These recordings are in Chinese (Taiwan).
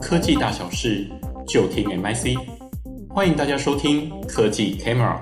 科技大小事就聽 MIC 歡迎大家收聽科技 Camera。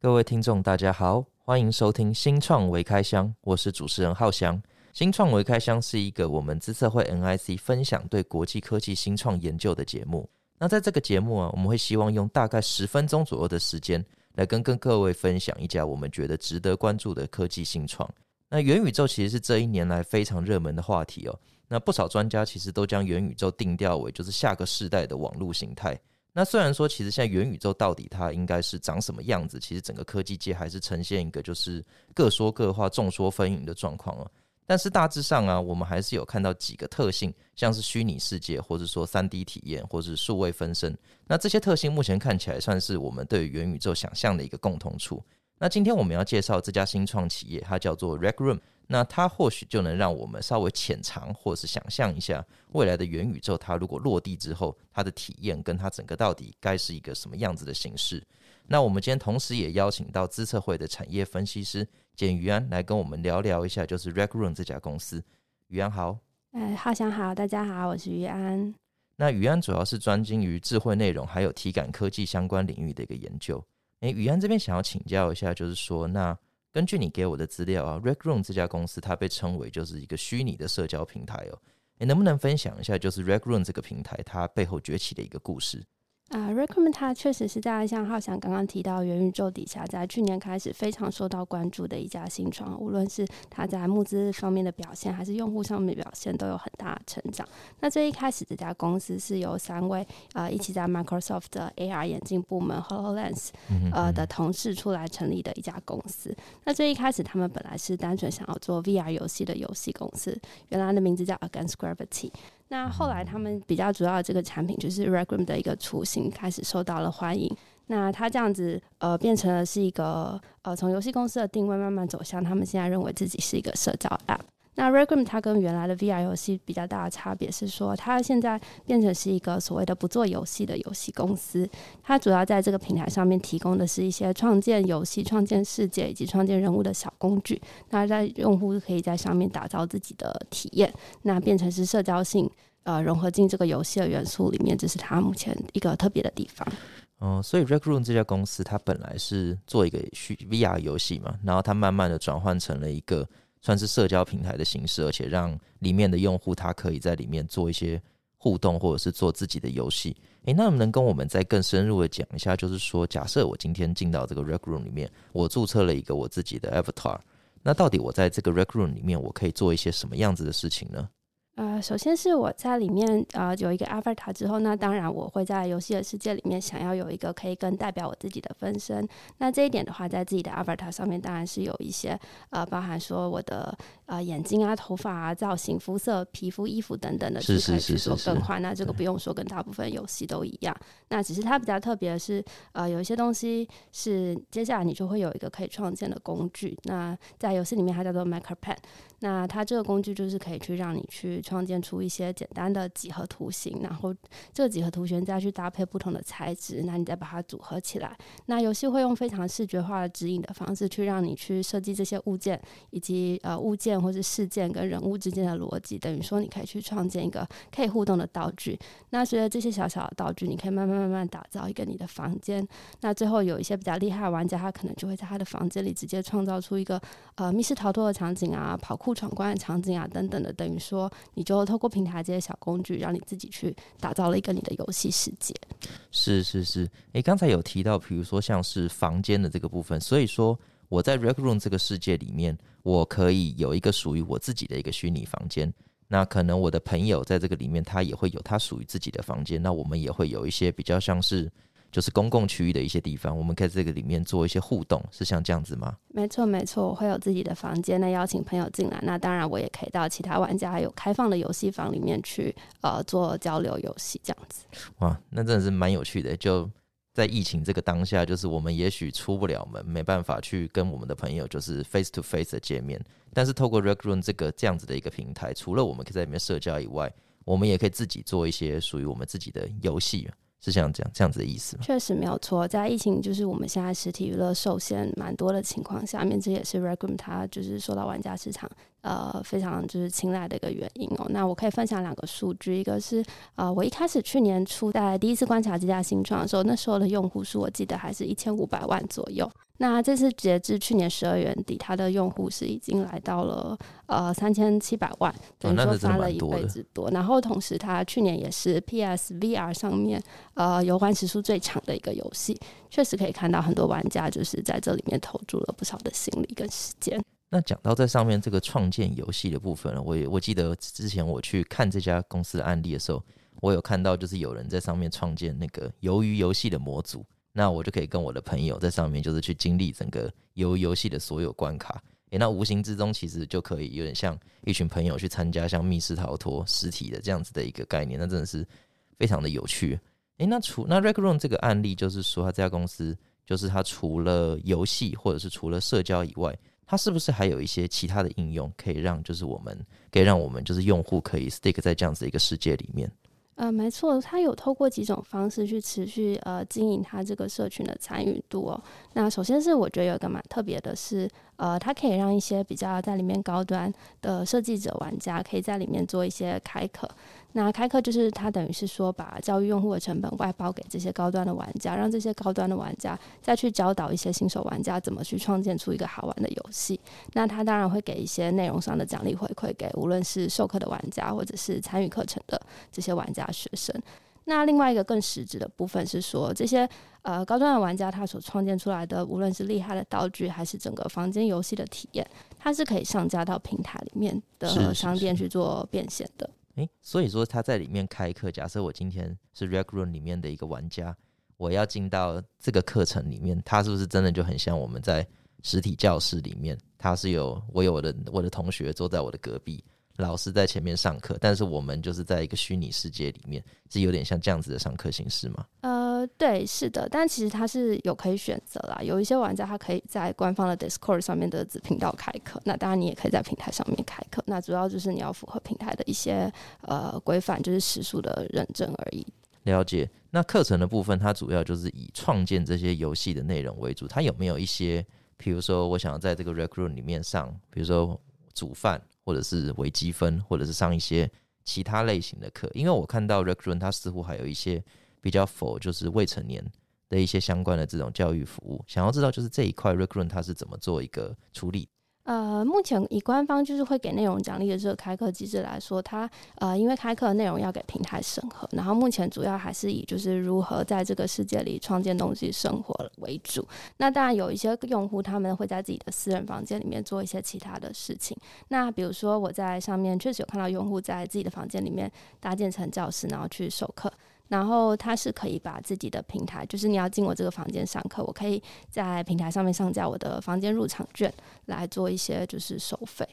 各位聽眾大家好，歡迎收聽新創微開箱，我是主持人浩翔。新創微開箱是一個我們資策會 MIC 分享對國際科技新創研究的節目。那在這個節目啊，我們會希望用大概十分鐘左右的時間，來跟跟各位分享一家我們覺得值得關注的科技新創。那元宇宙其實是這一年來非常熱門的話題哦。那不少專家其實都將元宇宙定調為就是下個世代的網絡形態。那雖然說其實現在元宇宙到底它應該是長什麼樣子，其實整個科技界還是呈現一個就是各說各話、眾說紛紜的狀況哦。但是大致上啊，我們還是有看到幾個特性，像是虛擬世界，或者說三 D 體驗，或者是數位分身。那這些特性目前看起來算是我們對於元宇宙想象的一個共同處。那今天我們要介紹這家新創企業，它叫做 Rec Room。那它或許就能讓我們稍微淺嘗或是想象一下未來的元宇宙，它如果落地之後，它的體驗跟它整個到底該是一個什麼樣子的形式。那我們今天同時也邀請到資策會的產業分析師簡妤安來跟我們聊聊一下，就是 Rec Room 這家公司。妤安好。哎，皓翔好，大家好，我是妤安。那妤安主要是專精於智慧內容還有體感科技相關領域的一個研究。誒，妤安這邊想要請教一下，就是說，那根據你給我的資料啊 Rec Room 這家公司它被稱為就是一個虛擬的社交平台哦，哎，能不能分享一下，就是 Rec Room 這個平台它背後崛起的一個故事？啊、uh，Rec Room 確實是在像浩翔剛剛提到元宇宙底下，在去年開始非常受到關注的一家新創，無論是它在募資方面的表現，還是用戶上面的表現都有很大的成長。那最一開始，這家公司是由三位啊、呃、一起在 Microsoft 的 AR 眼鏡部門 HoloLens 呃，的同事出來成立的一家公司。那最一開始，他們本來是單純想要做 VR 遊戲的遊戲公司，原來的名字叫 Against Gravity。那後來，他們比較主要的這個產品就是 Rec Room 的一個雛形，開始受到了歡迎。那它這樣子，呃，變成了是一個呃，從遊戲公司的定位慢慢走向他們現在認為自己是一個社交 App。那 Rec Room 它跟原來的 VR 遊戲比較大的差別是說，它現在變成是一個所謂的不做遊戲的遊戲公司，它主要在這個平台上面提供的是一些創建遊戲、創建世界以及創建人物的小工具。那在用戶可以在上面打造自己的體驗，那變成是社交性呃融合進這個遊戲的元素裡面，這是它目前一個特別的地方。嗯、呃，所以 Rec Room 這家公司它本來是做一個虛 VR 遊戲嘛，然後它慢慢的轉換成了一個。算是社交平台的形式，而且讓裡面的用戶他可以在裡面做一些互動，或者是做自己的遊戲。誒、欸，那能跟我們再更深入的講一下，就是說，假設我今天進到這個 Rec Room 裡面，我註冊了一個我自己的 avatar，那到底我在這個 Rec Room 裡面，我可以做一些什麼樣子的事情呢？首先是我在裡面啊、呃，有一個阿 v a t 之後呢，那當然我會在遊戲的世界裡面想要有一個可以更代表我自己的分身。那這一點的話，在自己的阿 v a t 上面當然是有一些啊、呃，包含說我的啊、呃，眼睛啊、頭髮啊、造型、膚色、皮膚、衣服等等的都可是，是，是，是，是，是，去做更換。那這個不用說，跟大部分遊戲都一樣。那只是它比較特別的是，呃，有一些東西是接下來你就會有一個可以創建的工具。那在遊戲裡面，它叫做 Maker p e 那它這個工具就是可以去讓你去創建出一些簡單的幾何圖形，然後這幾何圖形再去搭配不同的材質，那你再把它組合起來。那遊戲會用非常視覺化的指引的方式去讓你去設計這些物件，以及呃物件或者事件跟人物之間的邏輯。等於說你可以去創建一個可以互動的道具。那隨着這些小小的道具，你可以慢慢慢慢打造一個你的房間。那最後有一些比較厲害的玩家，他可能就會在他的房間裡直接創造出一個呃密室逃脫的場景啊，跑酷。互闖關的場景啊，等等的，等於說你就透過平台這些小工具，讓你自己去打造了一個你的遊戲世界。是是是，誒，剛才有提到，比如說像是房間的這個部分，所以說我在 Rec Room 這個世界裡面，我可以有一個屬於我自己的一個虛擬房間。那可能我的朋友在這個裡面，他也會有他屬於自己的房間。那我們也會有一些比較像是。就是公共區域的一些地方，我們可以在這個裡面做一些互動，是像這樣子嗎？沒錯，沒錯，我會有自己的房間，那邀請朋友進來，那當然我也可以到其他玩家還有開放的遊戲房裡面去，呃，做交流遊戲這樣子。哇，那真的是蠻有趣的。就在疫情這個當下，就是我們也許出不了門，沒辦法去跟我們的朋友就是 face to face 的見面，但是透過 Rec Room 這個這樣子的一個平台，除了我們可以在裡面社交以外，我們也可以自己做一些屬於我們自己的遊戲。是像這樣，這樣這樣子的意思嗎？確實沒有錯，在疫情就是我們現在實體娛樂受限蠻多的情況下面，面這也是 Rec Room 它就是受到玩家市場呃非常就是青睞的一個原因哦。那我可以分享兩個數據，一個是呃我一開始去年初在第一次觀察這家新創的時候，那時候的用戶數我記得還是一千五百萬左右。那這次截至去年十二月底，它的用戶是已經來到了呃三千七百萬，等於說翻了一倍之多。哦、那這真的蠻多的。然後同時，它去年也是 PS VR 上面呃遊玩時數最長的一個遊戲，確實可以看到很多玩家就是在這裡面投注了不少的心力跟時間。那講到在上面這個創建遊戲的部分呢，我也我記得之前我去看這家公司的案例的時候，我有看到就是有人在上面創建那個魷魚遊戲的模組。那我就可以跟我的朋友在上面，就是去經歷整個遊遊戲的所有關卡。誒，那無形之中其實就可以有點像一群朋友去參加像密室逃脫實體的這樣子的一個概念。那真的是非常的有趣。誒，那除那 Rec Room 這個案例，就是說他這家公司，就是他除了遊戲或者是除了社交以外，他是不是還有一些其他的應用，可以讓就是我們，可以讓我們就是用戶可以 stick 在這樣子一個世界裡面？呃，沒錯，他有透過幾種方式去持續呃經營他這個社群的參與度哦。那首先是我覺得有個蠻特別的是，呃，他可以讓一些比較在裡面高端的設計者玩家可以在裡面做一些開課。那開課就是他等於是說，把教育用戶的成本外包給這些高端的玩家，讓這些高端的玩家再去教導一些新手玩家怎麼去創建出一個好玩的遊戲。那他當然會給一些內容上的獎勵回饋給無論是授課的玩家或者是參與課程的這些玩家學生。那另外一個更實質的部分是說，這些呃高端的玩家他所創建出來的，無論是厲害的道具還是整個房間遊戲的體驗，它是可以上架到平台裡面的是是是、嗯、商店去做變現的。誒，所以說他在裡面開課。假設我今天是 Rec Room 裡面的一個玩家，我要進到這個課程裡面，他是不是真的就很像我們在實體教室裡面？他是有我有我的我的同學坐在我的隔壁，老師在前面上課，但是我們就是在一個虛擬世界裡面，是有點像這樣子的上課形式嗎？呃、uh.。呃，對，是的，但其實它是有可以選擇啦。有一些玩家他可以在官方的 Discord 上面的子頻道開課，那當然你也可以在平台上面開課。那主要就是你要符合平台的一些呃規範，就是時數的認證而已。了解。那課程的部分，它主要就是以創建這些遊戲的內容為主。它有沒有一些，比如說我想要在這個 Rec Room 裡面上，比如說煮飯，或者是微積分，或者是上一些其他類型的課？因為我看到 Rec Room 它似乎還有一些。比較否就是未成年的一些相關的這種教育服務，想要知道就是這一塊 Rec Room 它是怎麼做一個處理？呃，目前以官方就是會給內容獎勵的這個開課機制來說，它呃因為開課的內容要給平台審核，然後目前主要還是以就是如何在這個世界裡創建東西生活為主。那當然有一些用戶他們會在自己的私人房間裡面做一些其他的事情。那比如說我在上面確實有看到用戶在自己的房間裡面搭建成教室，然後去授課。然後他是可以把自己的平台，就是你要進我這個房間上課，我可以在平台上面上架我的房間入場券，來做一些就是收費。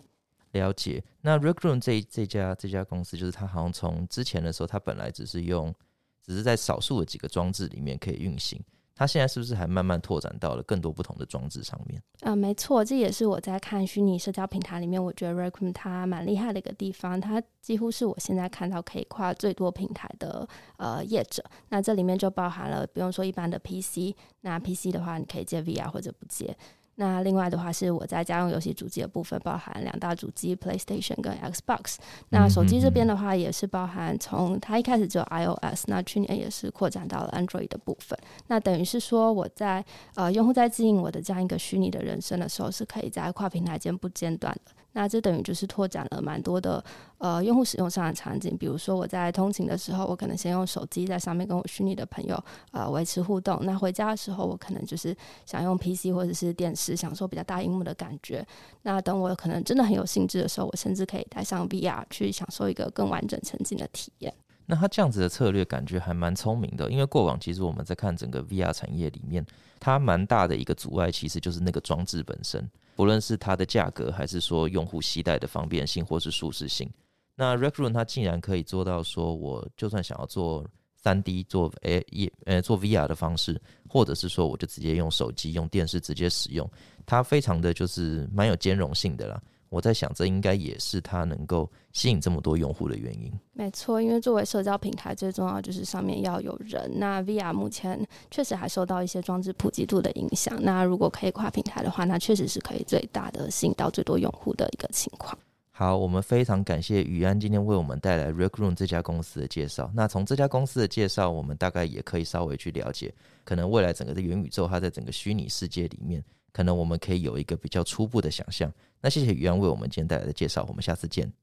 了解。那 Rec Room 這這家這家公司，就是他好像從之前的時候，他本來只是用，只是在少數的幾個裝置裡面可以運行。它現在是不是還慢慢拓展到了更多不同的裝置上面？呃，沒錯，這也是我在看虛擬社交平台裡面，我覺得 Rec Room 它蠻厲害的一個地方，它幾乎是我現在看到可以跨最多平台的呃業者。那這裡面就包含了，不用說一般的 PC，那 PC 的話你可以接 VR 或者不接。那另外的話是我在家用遊戲主機的部分，包含兩大主機 PlayStation 跟 Xbox。那手機這邊的話也是包含從它一開始就 iOS，那去年也是擴展到了 Android 的部分。那等於是說我在呃用戶在經營我的這樣一個虛擬的人生的時候，是可以在跨平台間不間斷的。那這等於就是拓展了蠻多的呃用戶使用上的場景，比如說我在通勤的時候，我可能先用手機在上面跟我虛擬的朋友啊呃維持互動；那回家的時候，我可能就是想用 PC 或者是電視享受比較大熒幕的感覺；那等我可能真的很有興致的時候，我甚至可以帶上 VR 去享受一個更完整沉浸的體驗。那他這樣子的策略感覺還蠻聰明的，因為過往其實我們在看整個 VR 產業裡面，它蠻大的一個阻礙其實就是那個裝置本身。不論是它的價格，還是說用戶攜帶的方便性，或是舒適性，那 Rec Room 它竟然可以做到說，我就算想要做三 D 做誒呃、欸欸、做 VR 的方式，或者是說我就直接用手機、用電視直接使用，它非常的就是蠻有兼容性的啦。我在想，這應該也是它能夠吸引這麼多用戶的原因。沒錯，因為作為社交平台，最重要就是上面要有人。那 VR 目前確實還受到一些裝置普及度的影響。那如果可以跨平台的話，那確實是可以最大的吸引到最多用戶的一個情況。好，我們非常感謝妤安今天為我們帶來 Rec Room 這家公司的介紹。那從這家公司的介紹，我們大概也可以稍微去了解，可能未來整個的元宇宙，它在整個虛擬世界裡面。可能我們可以有一個比較初步的想象那謝謝妤安為我們今天帶來的介紹，我們下次見。